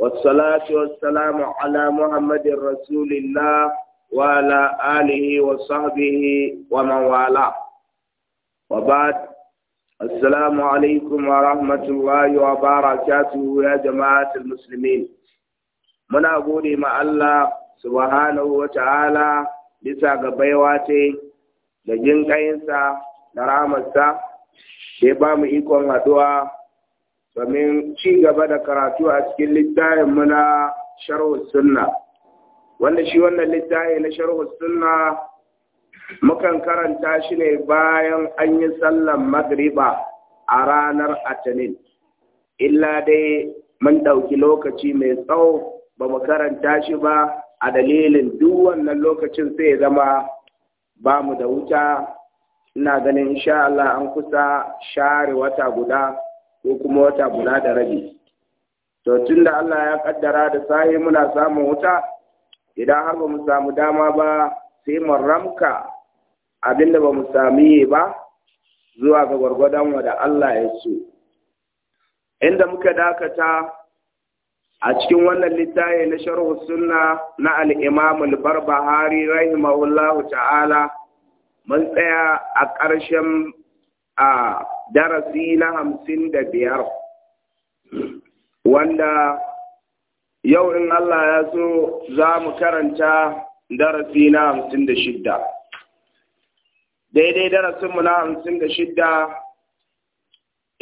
Wasu talatuwar Salamun Ala Muhammadin Rasulillah wa la'alihi wa sahu bihi wa mawala. Wabat! As-salaamu alaikum wa rahmatun wayo abara! ya jama'a ta musulmi. Muna buɗe ma Allah SubhanaHuwa ta'ala bisa ga baiwa ta yi. Na ji ɗayinsa na ramarsa. Sai bamu ikon haɗuwa domin ci gaba da karatu a cikin littafin mu na sharhu sunna wanda shi wannan littafi na sharhu sunna mukan karanta shi ne bayan an yi sallan magriba a ranar atanin illa dai mun ɗauki lokaci mai tsawo ba mu karanta shi ba a dalilin duk wannan lokacin sai zama ba mu da wuta ina ganin insha Allah an kusa share wata guda ko kuma wata guda da rabi to tun da Allah ya kaddara da sahi muna samun wuta idan har ba mu samu dama ba sai mu ramka da ba mu sami yi ba zuwa ga gwargwadon wada Allah ya so inda muka dakata a cikin wannan littafi na sharhu suna na al-Imam al-Barbahari rahimahullahu ta'ala mun tsaya a ƙarshen a darasi na hamsin da biyar wanda yau in Allah ya so za mu karanta darasi na hamsin da shidda daidai darasinmu na hamsin da shidda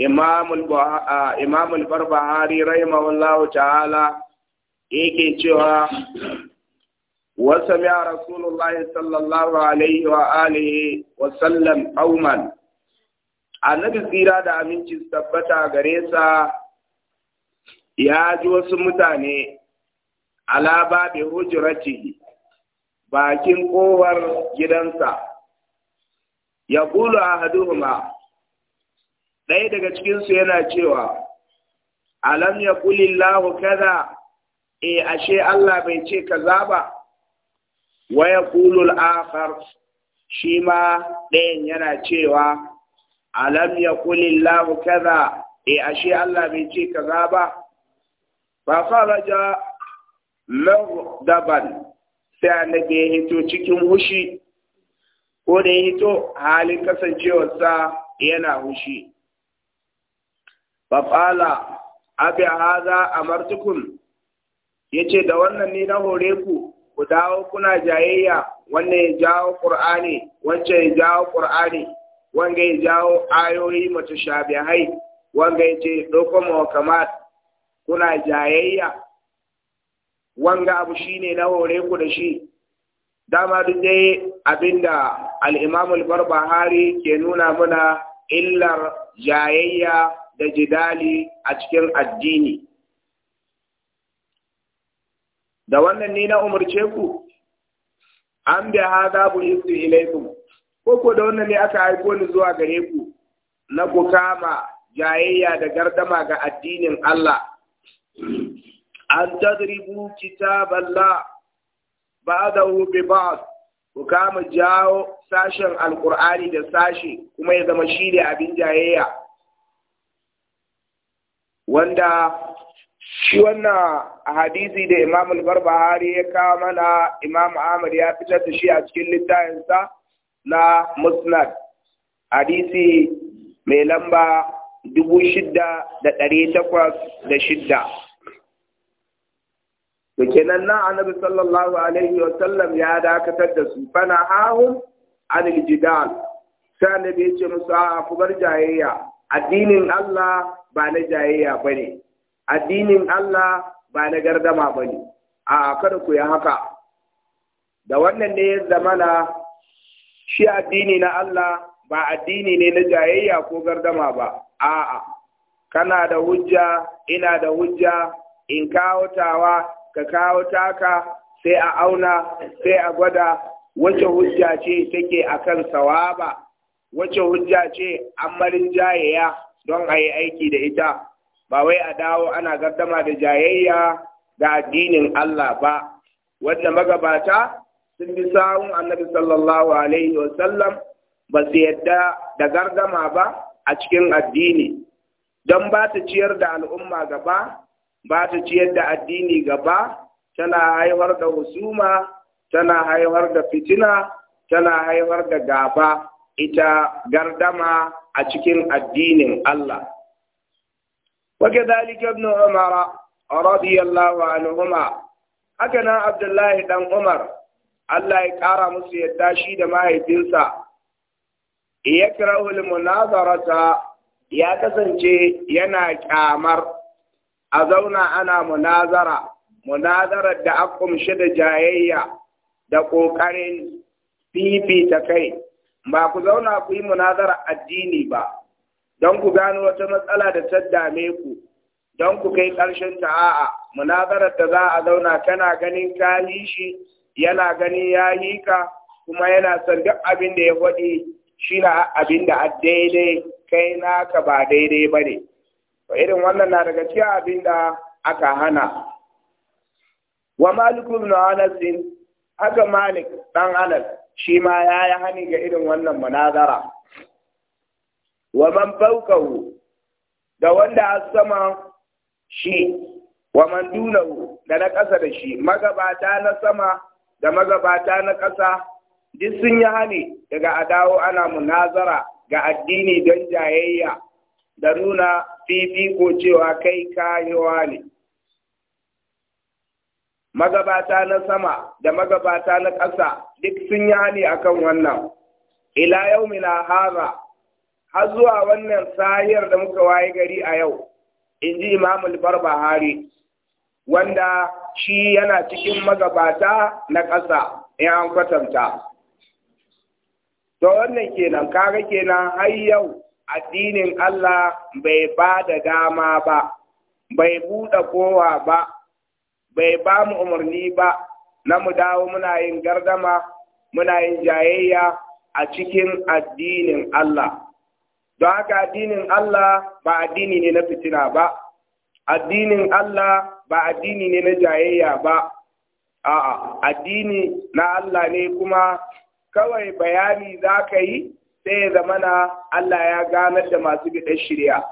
imamul barbahari rahimahullahu ta'ala yake cewa وسمع رسول الله sallallahu alaihi عليه wa وسلم auman. annabi tsira da aminci su tabbata gare sa ya ji wasu mutane alaba da hujurati bakin kowar gidansa ya kulu a haduhuma ɗaya daga cikinsu yana cewa alam ya kuli Lahu kada. e eh, ashe Allah bai ce kaza ba wa ya kulul shi ma ɗayan yana cewa alam kuli lahu kaza e ashe Allah bai ce kaza ba fa kharaja daban sai annabi ya hito cikin hushi ko da ya hito halin kasancewarsa yana hushi fala abi haza amartukum yace da wannan ne na hore ku ku dawo kuna jayayya wannan ya jawo qur'ani wacce ya jawo qur'ani wanga ya jawo ayoyi mutashabihai wanga ya ce mawa kamar kuna jayayya wanga abu shi ne na hore ku da shi dama duk dai abinda al-Imam bar barbahari ke nuna mana illar jayayya da jidali a cikin addini da wannan ni na umarce ku an bi hada bu su ilaikum Koko da wannan ne aka haifo ni zuwa gare ku na ku kama jayayya da gardama ga addinin Allah an tadribu kitaballah ba'dahu bi ba'd ku kama jawo sashen alqur'ani da sashe kuma ya zama shi ne abin jayayya wanda shi wannan hadisi da imam al-barbahari ya kawo mana imam ahmad ya fitar da shi a cikin littafinsa na musnad hadisi mai lamba dubu shidda da ɗari takwas da shidda. Da kenan nan annabi sallallahu alaihi wa sallam ya dakatar da su fana hahun an jidal sai annabi ya ce musu a ku bar jayayya addinin Allah ba na jayayya ba ne, addinin Allah ba na gardama ba ne. a kada ku yi haka da wannan ne ya zamana shi addini na Allah ba addini ne na jayayya ko gardama ba a'a kana da hujja ina da hujja in kawo ka kawo taka sai a auna sai a gwada wace hujja ce take akan sawaba wace hujja ce amarin jayayya don a yi aiki da ita ba wai a dawo ana gardama da jayayya da addinin Allah ba wanda magabata sun bi sawun annabi sallallahu alaihi wa sallam ba su yadda da gargama ba a cikin addini don ba ta ciyar da al'umma gaba ba ta ciyar da addini gaba tana haifar da husuma tana haifar da fitina tana haifar da gaba ita gardama a cikin addinin Allah وكذلك ابن ibn رضي radiyallahu anhuma أكنا na Abdullahi dan Umar. Allah ya ƙara musu yadda shi da mahaifinsa ya kirahul munazarata ya kasance yana ƙyamar a zauna ana munazara munazarar da akumshi da jayayya da ƙoƙarin fifita kai ba ku zauna ku yi munazara addini ba don ku gano wata matsala da ta dame ku don ku kai ƙarshen ta'a'a munazarar da za a zauna tana ganin kalishi yana gani ya yi ka kuma yana son duk abin da ya faɗi shi na abin da a daidai kai naka ba daidai ba ne to irin wannan na daga cikin abin da aka hana wa malik ibn anas haka malik dan anas shi ma ya yi hani ga irin wannan munazara wa man fawqahu da wanda a sama shi wa man dunahu da na ƙasa da shi magabata na sama da magabata na ƙasa duk sun yi hani daga a dawo ana munazara ga addini don jayayya da nuna fifiko cewa kai kayewa ne. Magabata na sama da magabata na ƙasa duk sun yi hani akan wannan. Ila yau mina haza, har zuwa wannan sahiyar da muka waye gari a yau, in ji Imamul Barbahari. wanda shi yana cikin magabata na ƙasa ya an kwatanta. To wannan kenan kaga kenan har yau addinin Allah bai ba da dama ba, bai buɗe kowa ba, bai ba mu umarni ba, na mu dawo muna yin gardama, muna yin jayayya a cikin addinin Allah. Don haka addinin Allah ba addini ne na fitina ba. addinin Allah ba addini ne na jayayya ba a'a addini na Allah ne kuma kawai bayani za ka yi sai ya zamana Allah ya ganar da masu bidan shirya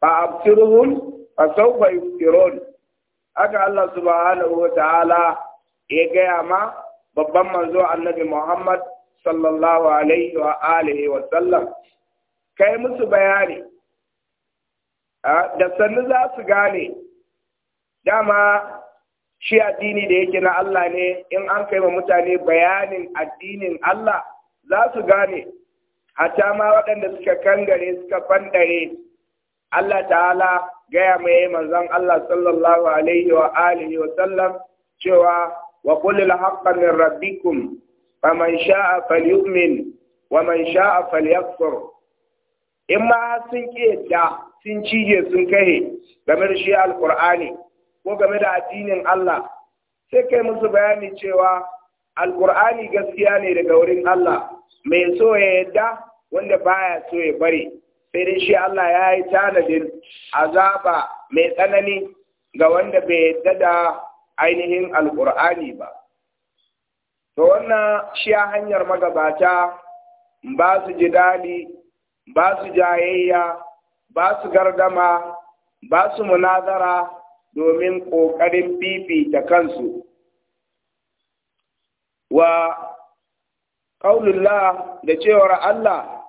fa absiruhum fa sawfa yusirun haka Allah subhanahu wa ta'ala ya gaya ma babban manzo annabi Muhammad sallallahu alaihi wa alihi wa sallam kai musu bayani da sannu za su gane dama shi addini da yake na Allah ne in an kai wa mutane bayanin addinin Allah za su gane ta ma waɗanda suka kangare suka fandare Allah ta'ala gaya mai manzon Allah sallallahu alaihi wa alihi wa sallam cewa wa qul lil haqqi min rabbikum faman sha'a falyu'min wa man sha'a falyakfur in ma sun ƙi yadda sun cije sun kai game da shi alkur'ani ko game da addinin Allah sai kai musu bayani cewa alkur'ani gaskiya ne daga wurin Allah mai so ya yadda wanda baya so ya bari sai dai shi Allah ya yi tanadin azaba mai tsanani ga wanda bai yadda da ainihin alkur'ani ba to wannan shi hanyar magabata ba su jidali ba su jayayya ba su gardama ba su munazara domin ƙoƙarin fifita kansu wa ƙaunullah da cewar Allah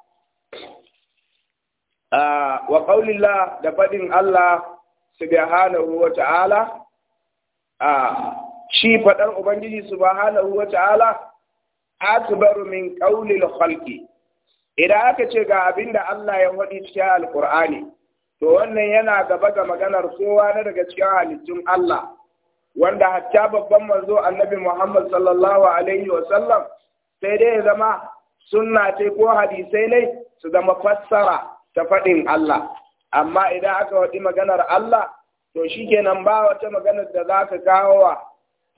wa ƙaunullah da faɗin Allah subhanahu wa ta'ala A shi faɗar Ubangiji subhanahu wa ta'ala akbaru min ƙaunin khalqi idan aka ce ga abin da Allah ya faɗi cikin Alƙur'ani, to wannan yana gaba ga maganar kowa na daga cikin halittun Allah wanda hatta babban manzo annabi Muhammad sallallahu alaihi wa sallam sai dai ya zama sunna ce ko hadisai ne su zama fassara ta faɗin Allah amma idan aka faɗi maganar Allah to shikenan ba wata maganar da za ka kawo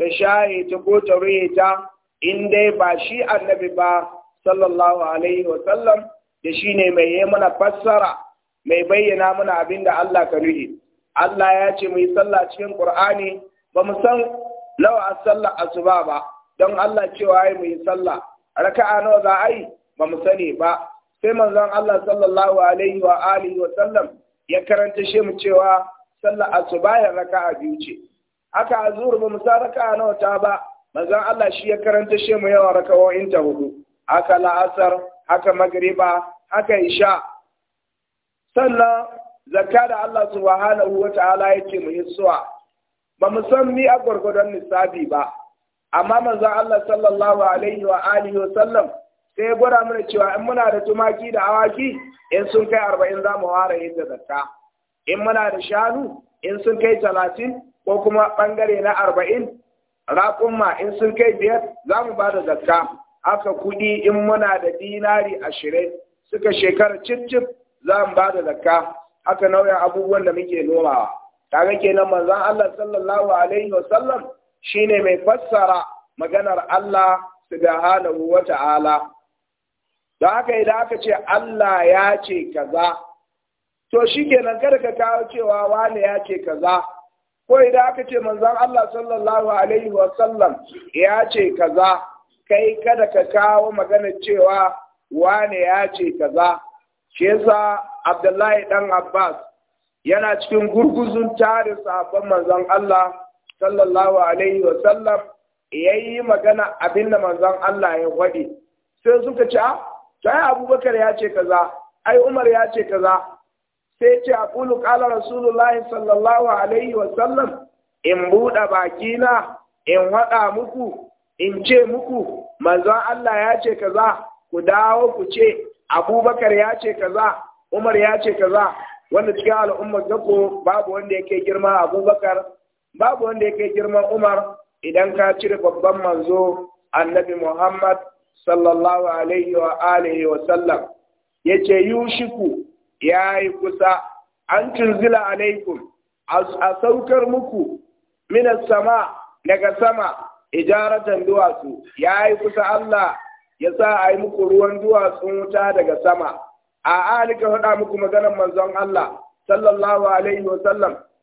ta shaye ta ko ta ta in dai ba shi annabi ba sallallahu alaihi wa sallam da shine mai yi mana fassara mai bayyana mana abin da Allah ka nuhi Allah ya ce mu yi sallah cikin Qur'ani ba mu san nawa sallah asuba ba don Allah cewa ai mu yi sallah raka'a nawa za a yi ba mu sani ba sai manzon Allah sallallahu alaihi wa alihi wa sallam ya karanta shi mu cewa sallah asuba ya raka'a biyu ce haka azur ba mu sa raka'a nawa ta ba manzon Allah shi ya karanta shi mu yawa raka'o'in ta hudu haka la'asar haka magriba haka isha sannan zakka da Allah subhanahu wa ta'ala yake mu hissuwa ba mu san ni a gwargwadon lissafi ba amma manzo Allah sallallahu alaihi wa alihi wa sallam sai ya gwada mana cewa in muna da tumaki da awaki in sun kai arba'in za mu ware yin da zakka in muna da shanu in sun kai talatin ko kuma bangare na arba'in raƙumma in sun kai biyar za mu ba da zakka aka kuɗi in muna da dinari ashirin suka shekara cif-cif za mu ba da zakka haka nauyin abubuwan da muke nomawa ke kenan manzon Allah sallallahu alaihi wasallam shine mai fassara maganar Allah subhanahu wa ta'ala da haka idan aka ce Allah ya ce kaza to shikenan kada ka kawo cewa wani ya ce kaza ko idan aka ce manzon Allah sallallahu alaihi wasallam ya ce kaza kai kada ka kawo magana cewa wane ya ce kaza shi yasa Abdullahi dan Abbas yana cikin gurguzun tarin sahabban manzon Allah sallallahu alaihi wa sallam yayi magana da manzon Allah ya faɗi sai suka ce Sai ah, Abubakar ya ce kaza ai Umar ya ce kaza sai ce aqulu qala rasulullahi sallallahu alaihi wa sallam in buɗe bakina in waɗa muku in ce muku manzon Allah ya ce kaza ku dawo ku ce abubakar ya ce kaza umar ya ce kaza wanda cikin al'ummar gako babu wanda yake girma abubakar babu wanda yake girma umar idan ka cire babban manzo annabi muhammad sallallahu alaihi wa alihi wa sallam ya ce yushiku ya yi kusa an tunzila alaikum a saukar muku minas sama daga sama ijaratan duwatsu ya yi kusa Allah ya sa a yi muku ruwan duwatsun wuta daga sama a alika faɗa muku maganar manzon Allah sallallahu alaihi wa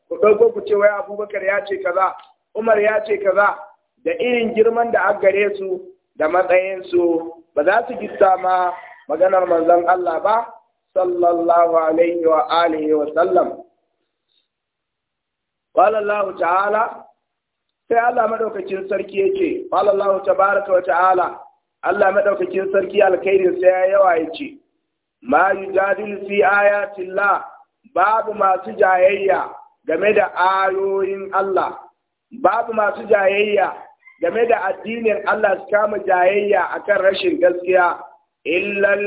ku ɗauko ku ce wai Abubakar ya ce kaza Umar ya ce kaza da irin girman da aka gare su da matsayinsu. ba za su gista ma maganar manzon Allah ba sallallahu alaihi wa sallam Allah ta'ala sai Allah madaukakin sarki yace wallahu tabaraka wa ta'ala Allah madaukakin sarki alkhairin sai yawa yace ma yujadilu fi ayatillah babu masu jayayya game da ayoyin Allah babu masu jayayya game da addinin Allah su kama jayayya akan rashin gaskiya illal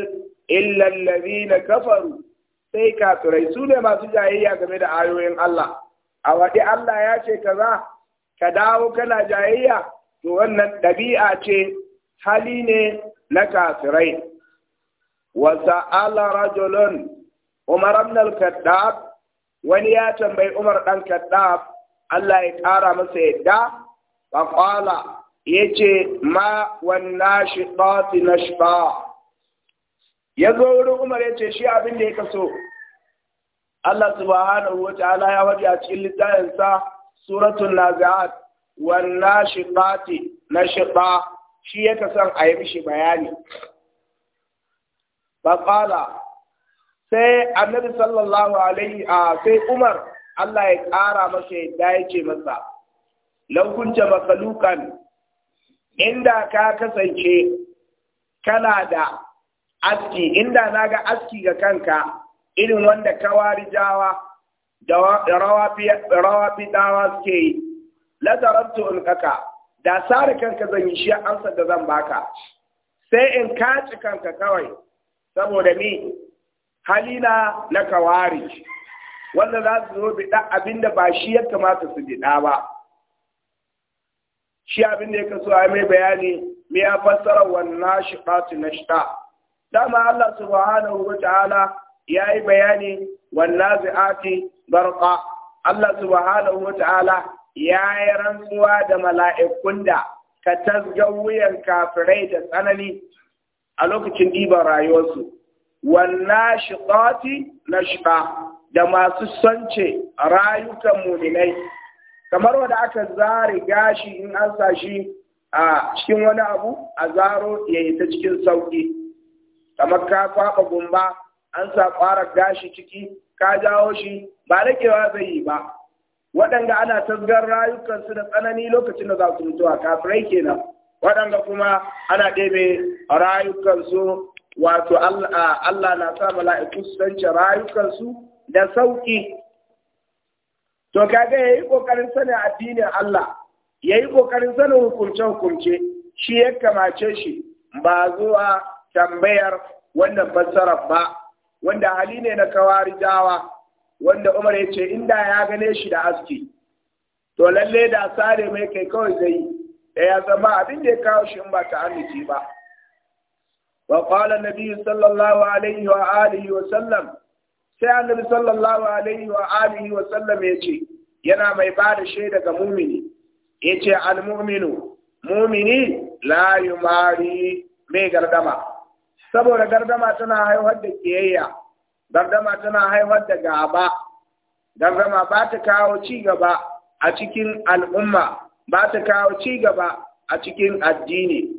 illal ladina kafaru sai kafirai su ne masu jayayya game da ayoyin Allah a waɗi Allah ya ce kaza ka dawo kana jayayya to wannan ɗabi'a ce hali ne na kafirai wa sa'ala rajulun umar ibn al-kaddab wani ya tambayi umar dan kaddab Allah ya ƙara masa yadda fa qala yace ma wan nashitati ya zo wurin umar yace shi abin da ya so Allah subhanahu wa ta'ala ya waje a cikin littafinsa suratul nazi'at wan nashiqati nashiqa shi yake son a yi mishi bayani faqala sai annabi sallallahu alaihi a sai umar Allah ya ƙara masa yadda ya ce masa laukunce makalukan inda ka kasance kana da aski inda na ga aski ga kanka irin wanda ka wari jawa rawa dawa suke yi latarabtu in kaka da sare kanka zan yi shi ansa da zan baka sai in kaci kanka kawai saboda ni halina na kawari wanda za su zo biɗa abin da ba shi ya kamata su biɗa ba shi abin da ya kaso a mai bayani me ya fassara wannan shi ɓatu na Ta dama Allah subhanahu wa ta'ala ya yi bayani wannan zi'ati barqa Allah subhanahu wa ta'ala ya yi rantsuwa da mala'ikun da ka tasga wuyan kafirai da tsanani a lokacin ɗiban rayuwarsu, wannan shiƙati na shiƙa da masu sonce rayukan muminai, kamar wanda aka zare gashi in an sashi a cikin wani abu a zaro ya ta cikin sauƙi, kamar ka faɓa gumba an sa ƙwarar gashi ciki ka jawo shi ba rakewa zai yi ba waɗanda ana tasgar rayukansu da tsanani lokacin da za su mutuwa kafirai kenan waɗanda kuma ana ɗebe rayukansu wato Allah na sa mala'iku su sanci rayukansu da sauƙi to kaga yayi ƙoƙarin sanin addinin Allah yayi ƙoƙarin sanin hukunce hukunce shi ya kamace shi ba zuwa tambayar wannan fassarar ba wanda Ali ne na kawari dawa, wanda Umar ya ce inda ya gane shi da aski to lalle da sare mai kai kawai zai da ya zama abin da ya kawo shi in ba ta amince ba wa qala nabi sallallahu alaihi wa alihi wa sallam sai annabi sallallahu alaihi wa alihi wa sallam ya ce yana mai ba da shaida ga mumini ce al mu'minu mumini la yumari mai gardama saboda gardama tana haihuwar da kiyayya gardama tana haihuwar da gaba gardama ba ta kawo ci gaba a cikin al'umma ba ta kawo ci gaba a cikin addini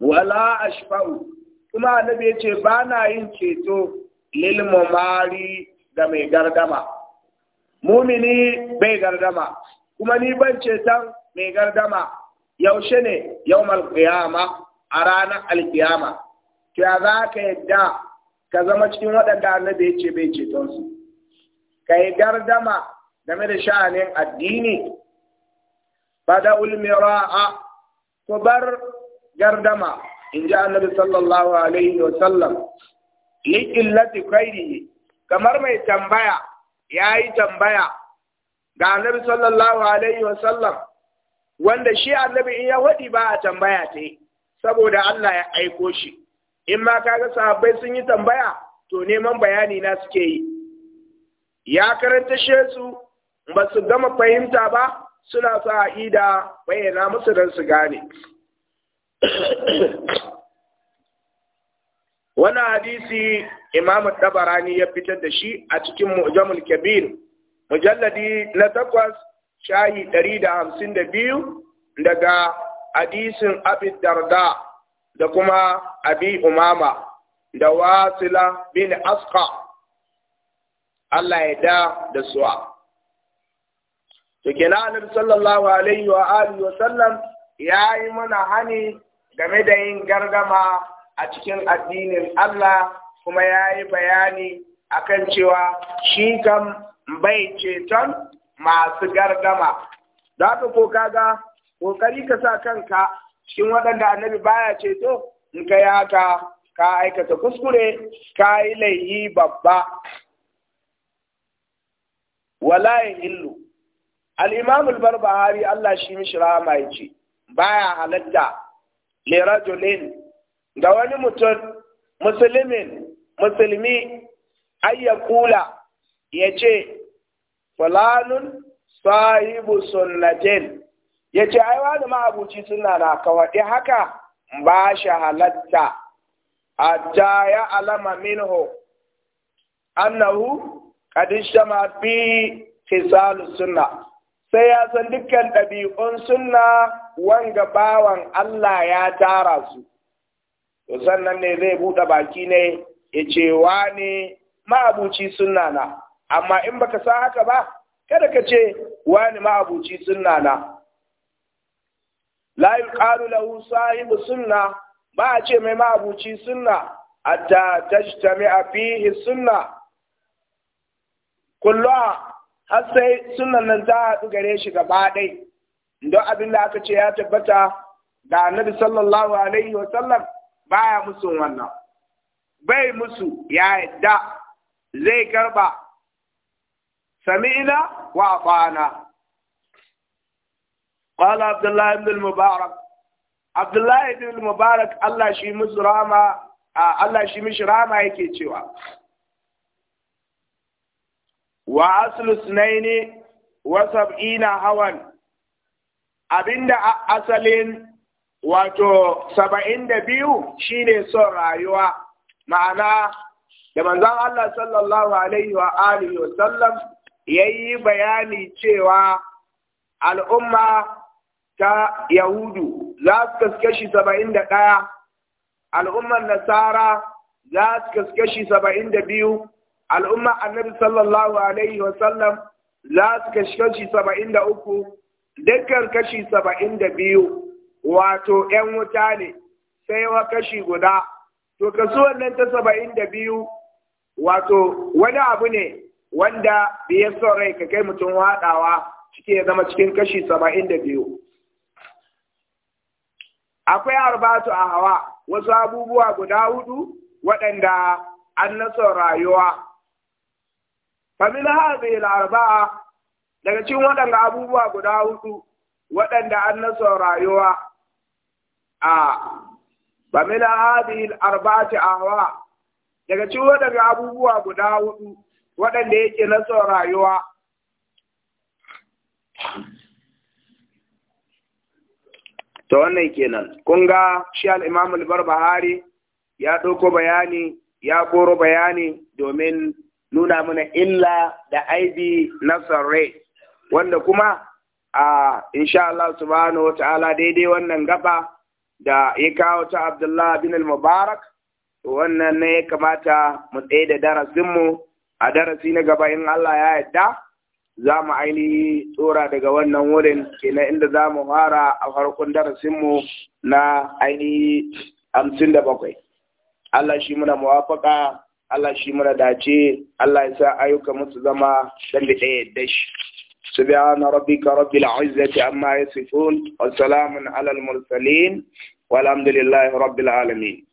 wala ashfa'u kuma annabi ya ce ba na yin ceto lilmomari mumari da mai gardama mumini bai gardama kuma ni ban ceton mai gardama yaushe ne yawmal qiyama a ranar alkiyama to ya za ka yadda ka zama cikin waɗanda annabi ya ce bai ceton su ka yi gardama game da sha'anin addini Ba fada ulmira'a ku bar gardama in ji annabi sallallahu alaihi wa sallam li illati khairihi kamar mai tambaya yayi tambaya ga annabi sallallahu alaihi wa sallam wanda shi annabi in ya wadi ba a tambaya ta yi saboda Allah ya aiko shi in ma kaga sahabbai sun yi tambaya to neman bayani na suke yi ya karanta su ba su gama fahimta ba suna sa ida bayyana musu don su gane Wani hadisi Imam Tabarani ya fitar da shi a cikin Mu'jamul Kabir, mujalladi na takwas shayi ɗari da hamsin da biyu daga hadisin abi darda da kuma abi umama da wasila bin asqa Allah ya da da suwa to kenan sallallahu alaihi wa alihi wa sallam yayi mana hani game da yin gargama a cikin addinin Allah kuma yayi bayani akan cewa shi kan bai ceton masu gargama da ko kaga kokari ka sa kanka cikin waɗanda annabi baya ce to in kai haka ka aikata kuskure ka yi laihi babba wala ya hillu al bar al Allah shi mishi rahama ce. baya halatta Lera ga wani mutum musulmin musulmi ya ce fulanun sahibu sunnatin ya ce ai wani ma'abuci suna na kawaɗe haka ba shi halatta A ta ya alama minhu annahu kadisha ma fi khisal sunna sai ya san dukkan ɗabi'un sunna wanga bawan Allah ya tara su to sannan ne zai buɗe baki ne ya ce wani ma'abuci suna na amma in baka san haka ba kada ka ce wani ma'abuci sunna na la yuqalu lahu sahibu sunna ba a ce mai ma'abuci sunna hatta a fihi sunna kulluha har sai sunan nan za a haɗu gare shi gaba ɗai don abin da aka ce ya tabbata da annabi sallallahu alaihi wa sallam baya musu wannan bai musu ya yadda zai karba sami'ina wa afana قال عبد الله بن المبارك عبد الله بن المبارك الله شي مسرama Allah shi mishi rama yake cewa wa aslu sunaini wa sab'ina hawan abinda asalin wato saba'in da biyu shine son rayuwa ma'ana da manzon Allah sallallahu alaihi wa alihi wa sallam yayi bayani cewa al'umma ta Yahudu za su kaskashi saba'in da ɗaya, al'ummar Nasara za su kaskashi saba'in da biyu, al'ummar Annabi sallallahu Alaihi wasallam za su kaskashi saba'in da uku, dukkan kashi saba'in da biyu, wato ‘yan wuta ne, sai wa kashi guda, to kasuwan nan ta saba'in da biyu, wato wani abu ne wanda biyar son rai ka kai mutum waɗawa cike ya zama cikin kashi saba'in da biyu. akwai arbatu a hawa wasu abubuwa guda hudu waɗanda an naso rayuwa Famila haɗe arba'a daga cikin waɗanda abubuwa guda hudu waɗanda an naso rayuwa a famila haɗe arbatu a hawa daga cikin waɗanda abubuwa guda hudu waɗanda yake naso rayuwa ta wannan kenan kun ga shi al-imam bahari ya ɗauko bayani ya koro bayani domin nuna mana illa da aibi na sarre wanda kuma a insha Allah subhanahu wa ta'ala daidai wannan gaba da ya kawo ta Abdullahi bin al-Mubarak wannan ne ya kamata mu tsaye da darasinmu a darasi na gaba in Allah ya yadda. za mu ainihi tsora daga wannan wurin kenan inda za mu fara a farkon darasinmu na ainihi hamsin da bakwai. Allah shi muna muwafaka, Allah shi muna dace, Allah ya sa ayyuka musu zama dan da ɗaya yadda shi. سبحان ربك رب العزة عما يصفون وسلام على المرسلين والحمد لله رب العالمين